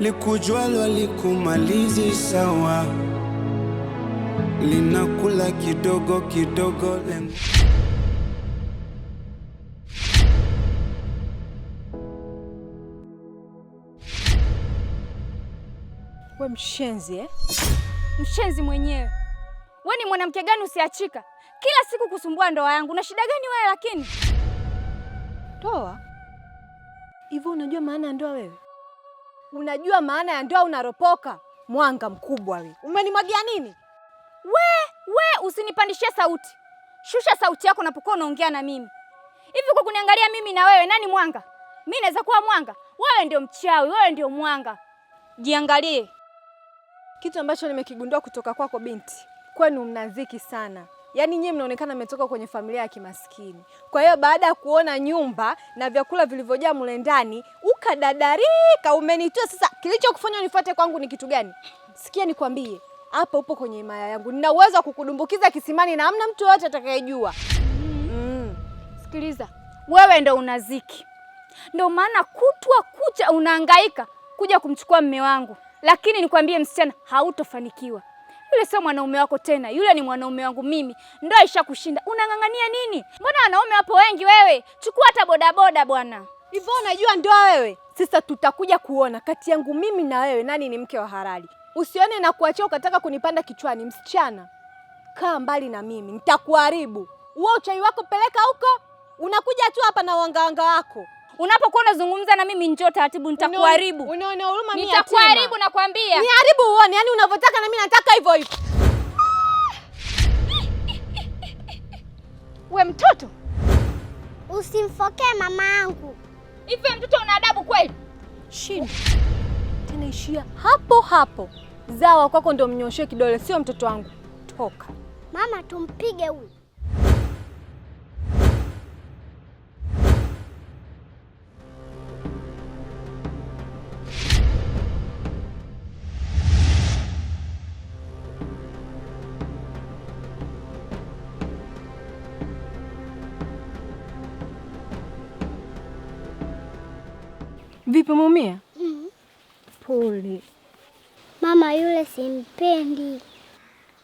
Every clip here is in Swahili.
likujwalwa likumalizi sawa, linakula kidogo kidogo. We mshenzi eh? Mshenzi mwenyewe we, ni mwanamke gani usiachika? Kila siku kusumbua ndoa yangu, na shida gani wewe? Lakini ndoa hivyo, unajua maana ya ndoa wewe? Unajua maana ya ndoa unaropoka? Mwanga mkubwa we, umenimwagia nini we? We usinipandishie sauti, shusha sauti yako unapokuwa unaongea na mimi. Hivi kwa kuniangalia mimi na wewe, nani mwanga? Mimi naweza kuwa mwanga? Wewe ndio mchawi, wewe ndio mwanga. Jiangalie. Kitu ambacho nimekigundua kutoka kwako binti, kwenu mnaziki sana yaani nyie mnaonekana mmetoka kwenye familia ya kimaskini. Kwa hiyo baada ya kuona nyumba na vyakula vilivyojaa mle ndani, ukadadarika, umenitoa sasa. Kilichokufanya unifuate kwangu ni kitu gani? Sikia nikwambie, hapa upo kwenye imaya yangu, nina uwezo wa kukudumbukiza kisimani na hamna mtu yoyote atakayejua. mm. mm. Sikiliza, wewe ndo unaziki, ndo maana kutwa kucha unahangaika kuja kumchukua mme wangu, lakini nikwambie msichana, hautofanikiwa. Yule sio mwanaume wako tena, yule ni mwanaume wangu mimi. Ndoa ishakushinda, unang'ang'ania nini? Mbona wanaume wapo wengi wewe? Chukua hata bodaboda bwana. Hivyo unajua ndoa wewe? Sasa tutakuja kuona kati yangu mimi na wewe nani ni mke wa halali. Usione na kuachia ukataka kunipanda kichwani, msichana. Kaa mbali na mimi, nitakuharibu. Uwe uchai wako peleka huko, unakuja tu hapa na wangawanga wako. Unapokuwa unazungumza na mimi njoo taratibu, nitakuharibu. Unaona huruma mimi? Nitakuharibu nakwambia. Niharibu uone, yani unavyotaka na mimi nataka hivyo hivyo. We mtoto, usimfokee mamangu. Hivi mtoto una adabu kweli? Shinda. Tena ishia hapo hapo. Zawa kwako ndio mnyoshe kidole, sio mtoto wangu. Toka. Mama tumpige huyu. Vipi umeumia? Mm. Mm-hmm. Pole. Mama yule simpendi.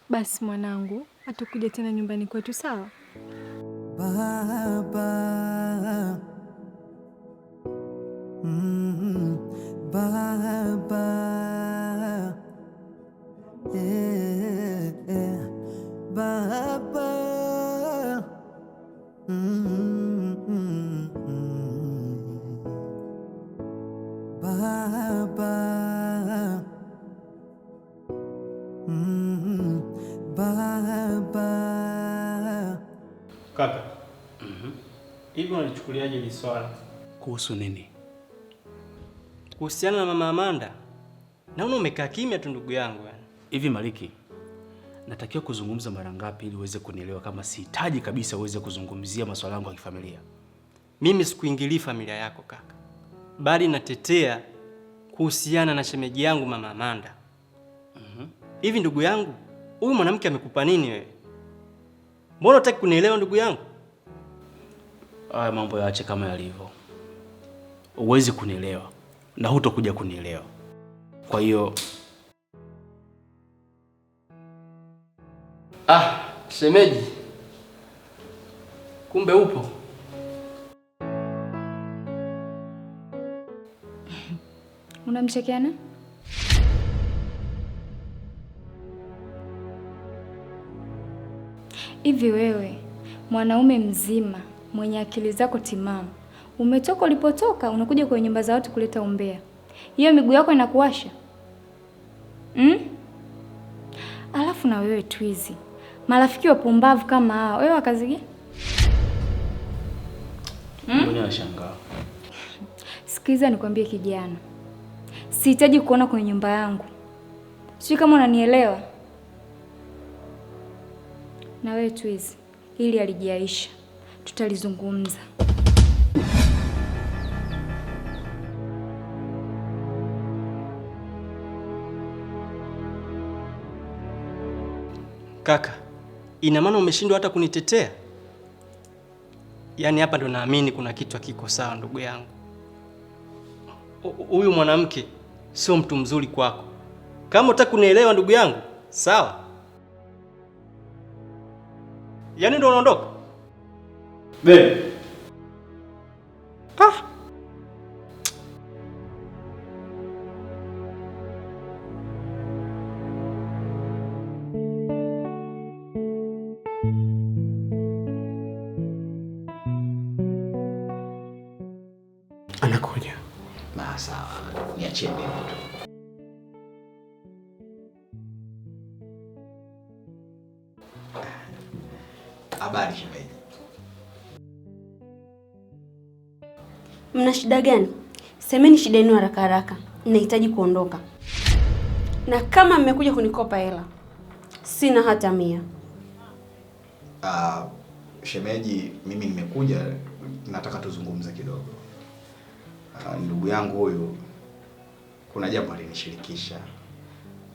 Basi mwanangu, atakuja tena nyumbani kwetu sawa? Baba. Mm, mm-hmm. baba. Eh, baba. Eh, eh. Mm. Mm-hmm. Baba, mm, mm-hmm. Baba. Kaka, mm -hmm. Unalichukuliaje swala? Kuhusu nini? Kuhusiana na mama Amanda? Naona umekaa kimya tu ndugu yangu. Hivi Maliki, natakiwa kuzungumza mara ngapi ili uweze kunielewa kama sihitaji kabisa uweze kuzungumzia maswala yangu ya kifamilia? Mimi sikuingilii familia yako kaka bali natetea kuhusiana na shemeji yangu mama Amanda. Mm-hmm. Hivi ndugu yangu, huyu mwanamke amekupa nini wewe? Mbona unataka kunielewa ndugu yangu? Haya mambo yaache kama yalivyo. Huwezi kunielewa na hutokuja kunielewa. Kwa hiyo Ah, shemeji, kumbe upo. Unamchekeana? Hivi wewe mwanaume mzima mwenye akili zako timamu, umetoka ulipotoka, unakuja kwenye nyumba za watu kuleta umbea. Hiyo miguu yako inakuwasha mm? Alafu na wewe twizi, marafiki wapumbavu kama hao, wewe wakazige hmm? mm? Sikiliza nikwambie kijana Sihitaji kuona kwenye nyumba yangu, sijui kama unanielewa. Na wewe Twiz, ili alijiaisha tutalizungumza. Kaka, ina maana umeshindwa hata kunitetea? Yaani hapa ndo naamini kuna kitu hakiko sawa, ndugu yangu. Huyu mwanamke sio mtu mzuri kwako. Kama utaki kunielewa ndugu yangu, sawa. Yaani ndio unaondoka? Ah. Habari shemeji, mna shida gani? Semeni shida yenu haraka haraka, ninahitaji kuondoka. Na kama mmekuja kunikopa hela, sina hata mia. Uh, shemeji, mimi nimekuja, nataka tuzungumze kidogo. Uh, ndugu yangu huyu kuna jambo alinishirikisha.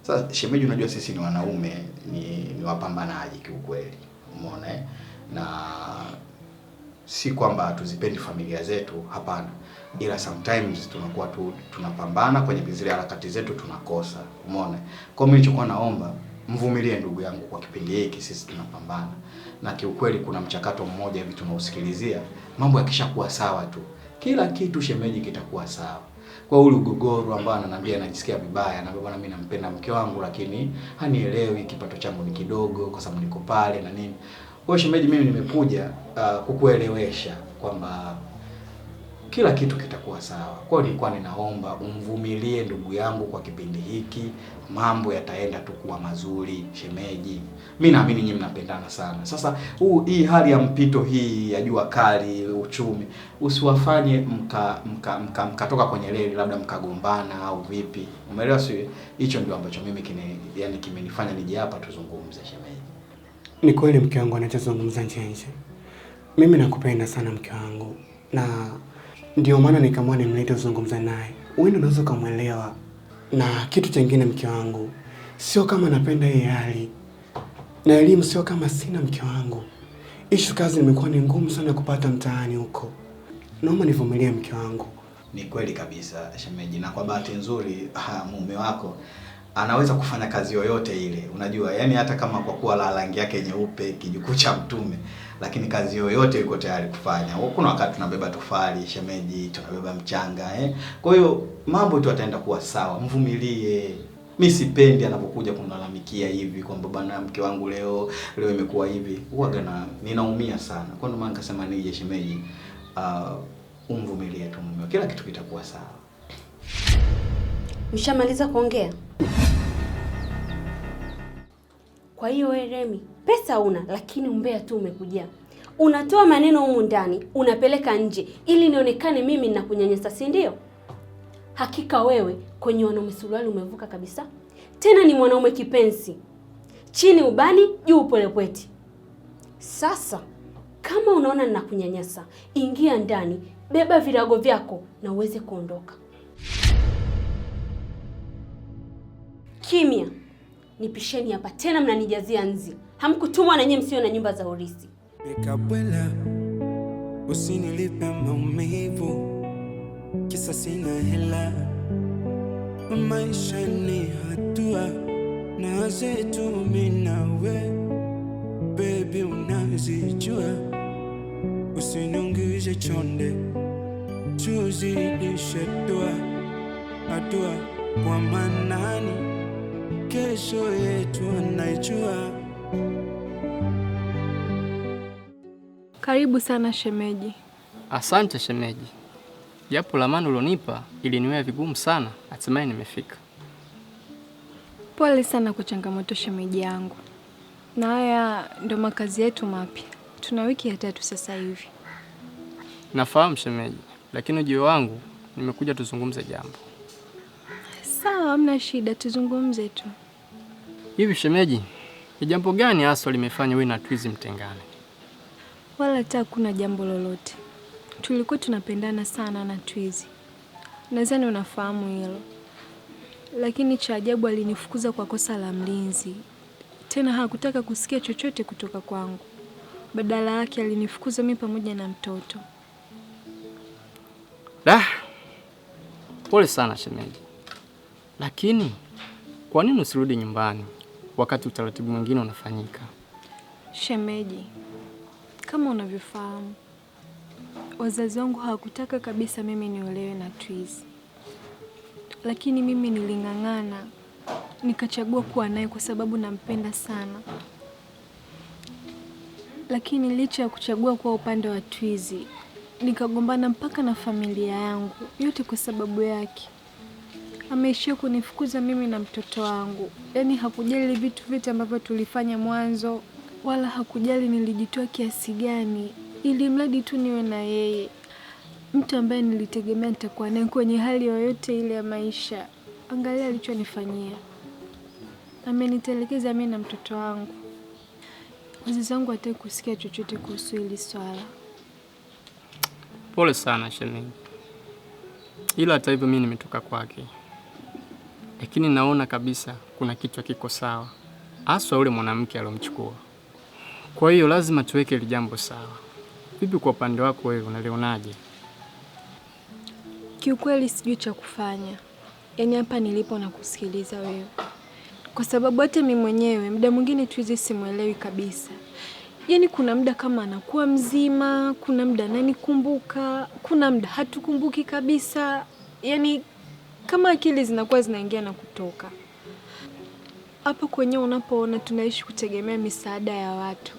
Sasa shemeji, unajua sisi ni wanaume ni, ni wapambanaji kiukweli umeona na si kwamba tuzipendi familia zetu, hapana, ila sometimes tunakuwa tu, tunapambana kwenye zile harakati zetu tunakosa, umeona. Kwa mimi nilichokuwa naomba mvumilie ndugu yangu, kwa kipindi hiki sisi tunapambana, na kiukweli kuna mchakato mmoja hivi tunausikilizia, mambo yakishakuwa sawa tu, kila kitu shemeji kitakuwa sawa kwa ule ugogoro ambao ananiambia anajisikia vibaya, na bwana, mimi nampenda mke wangu lakini hanielewi, kipato changu ni kidogo kwa sababu niko pale na nini. Kwa hiyo shemeji, mimi nimekuja uh, kukuelewesha kwamba kila kitu kitakuwa sawa. Kwa hiyo nilikuwa ninaomba umvumilie ndugu yangu kwa kipindi hiki, mambo yataenda tu kuwa mazuri. Shemeji, mi naamini nyinyi mnapendana sana. Sasa huu hii hali ya mpito hii ya jua kali, uchumi, usiwafanye mka mkatoka mka, mka, mka kwenye reli, labda mkagombana au vipi, umeelewa? Si hicho ndio ambacho mimi kine, yani kimenifanya nije hapa tuzungumze. Shemeji, ni kweli mke wangu anachozungumza nje nje. Mimi nakupenda sana mke wangu na ndio maana nikamwona nimlete uzungumza naye, wewe unaweza ukamwelewa. Na kitu chengine, mke wangu, sio kama napenda hii hali na elimu, sio kama sina. Mke wangu, ishu kazi nimekuwa ni ngumu sana kupata mtaani huko, naomba nivumilie mke wangu. Ni kweli kabisa shemeji, na kwa bahati nzuri mume wako anaweza kufanya kazi yoyote ile, unajua yani, hata kama kwa kuwa la rangi yake nyeupe kijukuu cha mtume, lakini kazi yoyote yuko tayari kufanya. Kuna wakati tunabeba tofali shemeji, tunabeba mchanga eh. Kwa hiyo mambo tu ataenda kuwa sawa, mvumilie. Mi sipendi anapokuja kunilalamikia hivi kwamba bwana, mke wangu leo leo imekuwa hivi, huwaga na ninaumia sana. Kwa ndio maana nikasema nije shemeji, uh, umvumilie tu mume, kila kitu kitakuwa sawa. Mshamaliza kuongea? Kwa hiyo wewe Remi, pesa una lakini umbea tu umekujaa. Unatoa maneno humu ndani unapeleka nje, ili nionekane mimi ninakunyanyasa, si ndio? Hakika wewe kwenye wanaume suruali umevuka kabisa, tena ni mwanaume kipenzi, chini ubani, juu polepweti. Sasa kama unaona ninakunyanyasa, ingia ndani, beba virago vyako na uweze kuondoka kimya. Nipisheni hapa tena, mnanijazia nzi. Hamkutumwa na nyie, msio na nyumba za urisi. Nikabwela, usinilipe maumivu, kisa sina hela. Maisha ni hatua na zetu, mimi nawe baby, unazijua. usinungize chonde, tuzidishe dua hatua kwa manani kesho yetu naijua. Karibu sana shemeji. Asante shemeji, japo lamani ulionipa niwea vigumu sana, hatimaye nimefika. Pole sana kwa changamoto shemeji yangu, na haya ndo makazi yetu mapya. Tuna wiki ya tatu sasa hivi. Nafahamu shemeji, lakini ujio wangu nimekuja tuzungumze jambo. Sawa, hamna shida, tuzungumze tu. Hivi shemeji, ni jambo gani haswa limefanya wewe na Twizi mtengane? Wala hata hakuna jambo lolote. Tulikuwa tunapendana sana na Twizi, nadhani unafahamu hilo, lakini cha ajabu alinifukuza kwa kosa la mlinzi, tena hakutaka kusikia chochote kutoka kwangu. Badala yake alinifukuza mimi pamoja na mtoto. da pole sana shemeji, lakini kwa nini usirudi nyumbani wakati utaratibu mwingine unafanyika. Shemeji, kama unavyofahamu, wazazi wangu hawakutaka kabisa mimi niolewe na Twiz, lakini mimi niling'ang'ana, nikachagua kuwa naye kwa sababu nampenda sana. Lakini licha ya kuchagua kuwa upande wa Twiz, nikagombana mpaka na familia yangu, yote kwa sababu yake ameishia kunifukuza mimi na mtoto wangu. Yaani hakujali vitu vyote ambavyo tulifanya mwanzo, wala hakujali nilijitoa kiasi gani, ili mradi tu niwe na yeye, mtu ambaye nilitegemea nitakuwa naye kwenye hali yoyote ile ya maisha. Angalia alichonifanyia, amenitelekeza mimi na mtoto wangu. Wazazi wangu hataki kusikia chochote kuhusu hili swala. Pole sana Shemeji, ila hata hivyo mimi nimetoka kwake lakini naona kabisa kuna kichwa kiko sawa, haswa yule mwanamke alomchukua. Kwa hiyo lazima tuweke hili jambo sawa. Vipi kwa upande wako wewe, unalionaje? Kiukweli sijui cha kufanya, yaani hapa nilipo na kusikiliza wewe, kwa sababu hata mimi mwenyewe muda mwingine tuizi simwelewi kabisa. Yaani kuna muda kama anakuwa mzima, kuna muda nani kumbuka, kuna muda hatukumbuki kabisa, yaani kama akili zinakuwa zinaingia na kutoka. hapo kwenyewe unapoona tunaishi kutegemea misaada ya watu.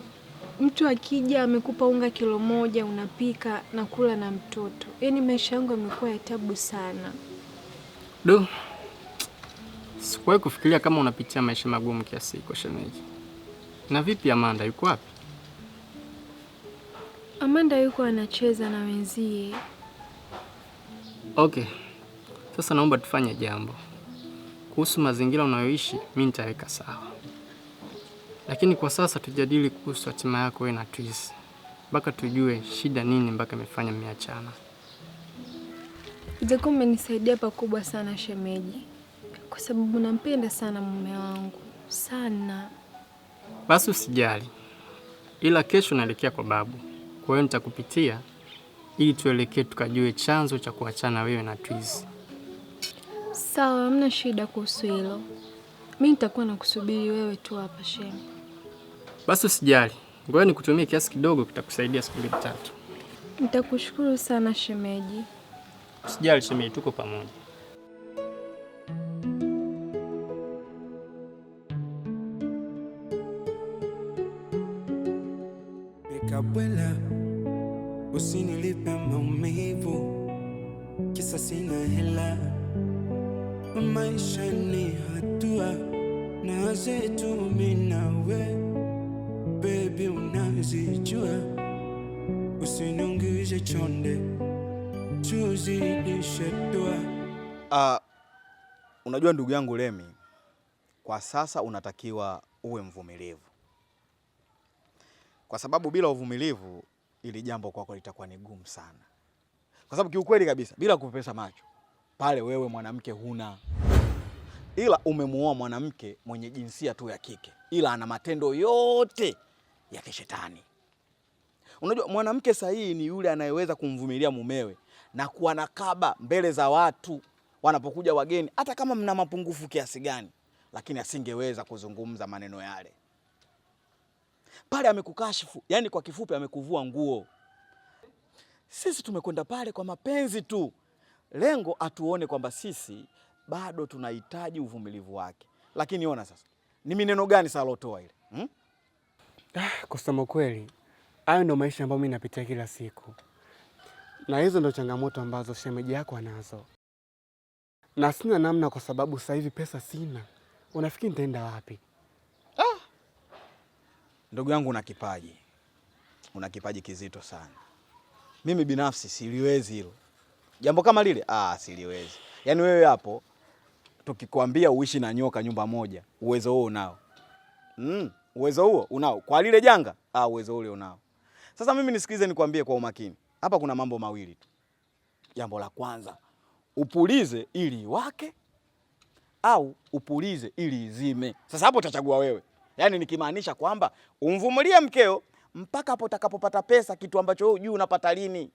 Mtu akija amekupa unga kilo moja, unapika na kula na mtoto. Yaani maisha yangu yamekuwa ya tabu sana. Do, sikuwahi kufikiria kama unapitia maisha magumu kiasi hiko shemeji. Na vipi Amanda, yuko wapi? Amanda yuko anacheza na wenzie. Okay. Sasa naomba tufanye jambo kuhusu mazingira unayoishi, mi nitaweka sawa, lakini kwa sasa tujadili kuhusu hatima yako wewe na Twizy mpaka tujue shida nini mpaka imefanya mmeachana. Jaku, umenisaidia pakubwa sana shemeji, kwa sababu nampenda sana mume wangu sana. Basi usijali, ila kesho naelekea kwa babu, kwa hiyo nitakupitia ili tuelekee tukajue chanzo cha kuachana wewe na Twizy. Sawa, hamna shida kuhusu hilo. Mi nitakuwa nakusubiri wewe tu hapa Shemu. Basi usijali, ngoja nikutumie kiasi kidogo, kitakusaidia siku mbili tatu. Nitakushukuru sana shemeji. Usijali shemeji, tuko pamoja. usijue, usiniungize chonde, tuzidishe dua. Uh, unajua ndugu yangu Lemi, kwa sasa unatakiwa uwe mvumilivu, kwa sababu bila uvumilivu ili jambo kwako litakuwa ni gumu sana, kwa sababu kiukweli kabisa, bila kupepesa macho pale, wewe mwanamke huna ila umemuoa mwanamke mwenye jinsia tu ya kike, ila ana matendo yote ya kishetani. Unajua, mwanamke sahihi ni yule anayeweza kumvumilia mumewe na kuwa na kaba mbele za watu wanapokuja wageni, hata kama mna mapungufu kiasi gani, lakini asingeweza kuzungumza maneno yale pale. Amekukashifu, yani kwa kifupi, amekuvua nguo. Sisi tumekwenda pale kwa mapenzi tu, lengo atuone kwamba sisi bado tunahitaji uvumilivu wake. Lakini ona sasa, ni mineno gani salotoa ile hmm? Ah, kusema kweli hayo ndo maisha ambayo mimi napitia kila siku, na hizo ndo changamoto ambazo shemeji yako anazo, na sina namna, kwa sababu sasa hivi pesa sina. Unafikiri nitaenda wapi? Ah, ndugu yangu, una kipaji, una kipaji kizito sana. Mimi binafsi siliwezi hilo jambo kama lile, ah, siliwezi. Yaani wewe hapo tukikwambia uishi na nyoka nyumba moja, uwezo huo unao mm. Uwezo huo unao kwa lile janga? Ah, uwezo ule unao. Sasa mimi nisikilize, nikwambie kwa umakini hapa, kuna mambo mawili tu. Jambo la kwanza, upulize ili iwake au upulize ili izime. Sasa hapo utachagua wewe, yaani nikimaanisha kwamba umvumilie mkeo mpaka hapo utakapopata pesa, kitu ambacho wewe juu unapata lini,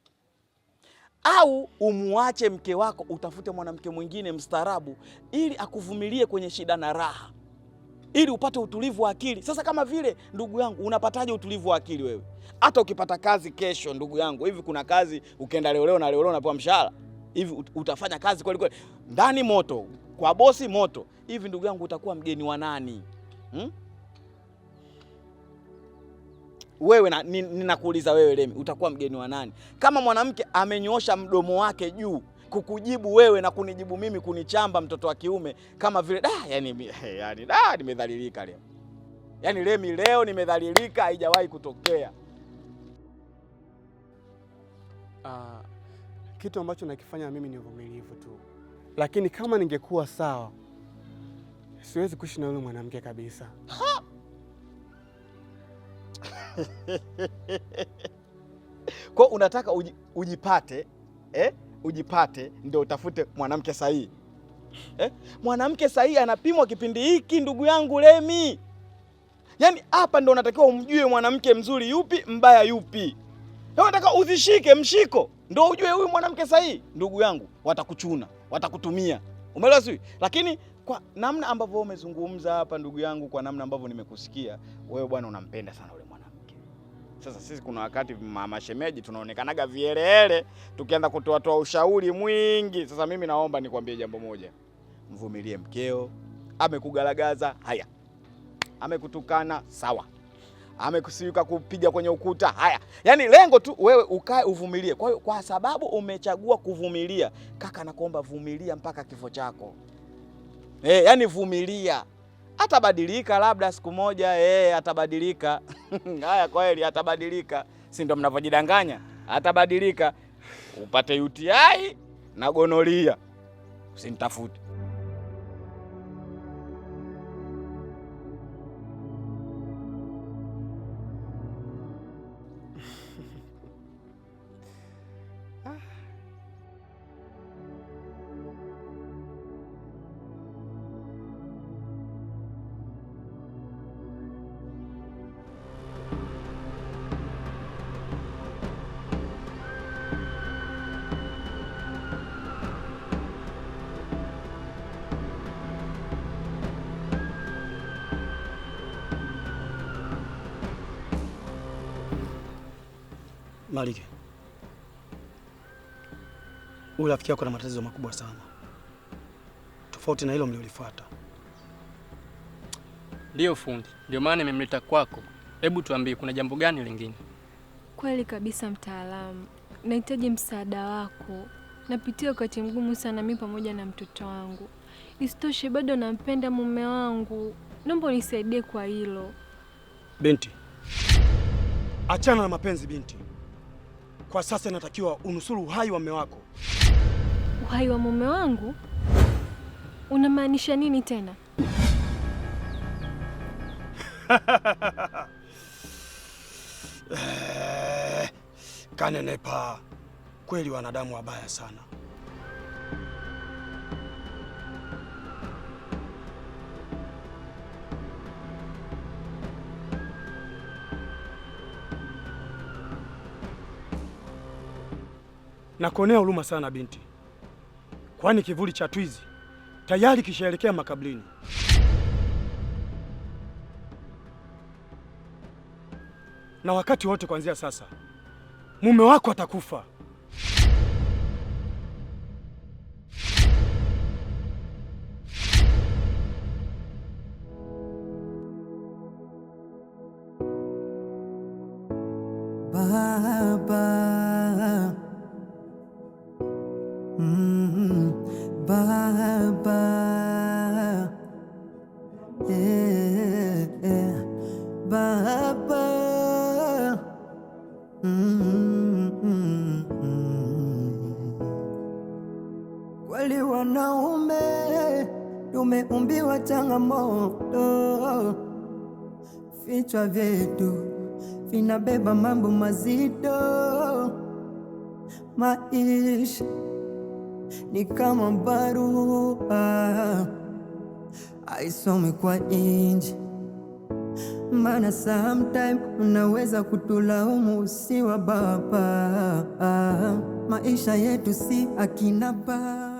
au umuache mke wako utafute mwanamke mwingine mstaarabu ili akuvumilie kwenye shida na raha ili upate utulivu wa akili. Sasa kama vile ndugu yangu, unapataje utulivu wa akili wewe? Hata ukipata kazi kesho, ndugu yangu, hivi kuna kazi ukienda leo leo na leo leo unapewa mshahara hivi, utafanya kazi kweli kweli? Ndani moto, kwa bosi moto. Hivi ndugu yangu, utakuwa mgeni wa nani hmm? Wewe ninakuuliza, ni wewe Lemi, utakuwa mgeni wa nani kama mwanamke amenyoosha mdomo wake juu kukujibu wewe na kunijibu mimi, kunichamba mtoto wa kiume kama vile da, yani, yani, da, nimedhalilika leo, yani remi leo nimedhalilika, haijawahi kutokea. Uh, kitu ambacho nakifanya mimi ni uvumilivu tu, lakini kama ningekuwa sawa, siwezi kuishi na yule mwanamke kabisa. Kwa unataka uji, ujipate eh? ujipate, ndio utafute mwanamke sahihi eh? Mwanamke sahihi anapimwa kipindi hiki, ndugu yangu Lemi. Yaani hapa ndio unatakiwa umjue mwanamke mzuri yupi, mbaya yupi. Yaani, unataka uzishike mshiko ndio ujue huyu mwanamke sahihi. Ndugu yangu, watakuchuna watakutumia, umeelewa sio? Lakini kwa namna ambavyo umezungumza hapa, ndugu yangu, kwa namna ambavyo nimekusikia wewe, bwana, unampenda sana sasa sisi kuna wakati shemeji tunaonekanaga vielehele tukianza kutoatoa ushauri mwingi. Sasa mimi naomba nikwambie jambo moja, mvumilie mkeo. Amekugaragaza, haya. Amekutukana, sawa. Amekusiuka kupiga kwenye ukuta, haya. Yaani lengo tu wewe ukae uvumilie. Kwa hiyo kwa sababu umechagua kuvumilia, kaka, nakuomba vumilia mpaka kifo chako. Eh, yaani vumilia atabadilika, labda siku moja yeye eh, atabadilika. Haya, kweli atabadilika, si ndio mnavyojidanganya? Atabadilika, upate UTI na gonoria, usinitafute. malike huyu rafiki yako na matatizo makubwa sana, tofauti na hilo mliolifuata. Ndiyo fundi, ndio maana nimemleta kwako. Hebu tuambie, kuna jambo gani lingine? Kweli kabisa mtaalamu, nahitaji msaada wako. Napitia wakati mgumu sana mimi pamoja na mtoto wangu. Isitoshe bado nampenda mume wangu, naomba unisaidie kwa hilo. Binti, achana na mapenzi binti. Kwa sasa inatakiwa unusuru uhai wa mume wako. Uhai wa mume wangu? Unamaanisha nini tena? Eh, Kanenepa, kweli wanadamu wabaya sana. Nakuonea huruma sana binti, kwani kivuli cha twizi tayari kishaelekea makaburini. Na wakati wote kuanzia sasa mume wako atakufa. Kweli wanaume tumeumbiwa changamoto, vichwa vyetu vinabeba mambo mazito. Maisha ni kama barua, aisome kwa inji Mana sometime unaweza kutulaumu usiwa baba, maisha yetu si akina baba.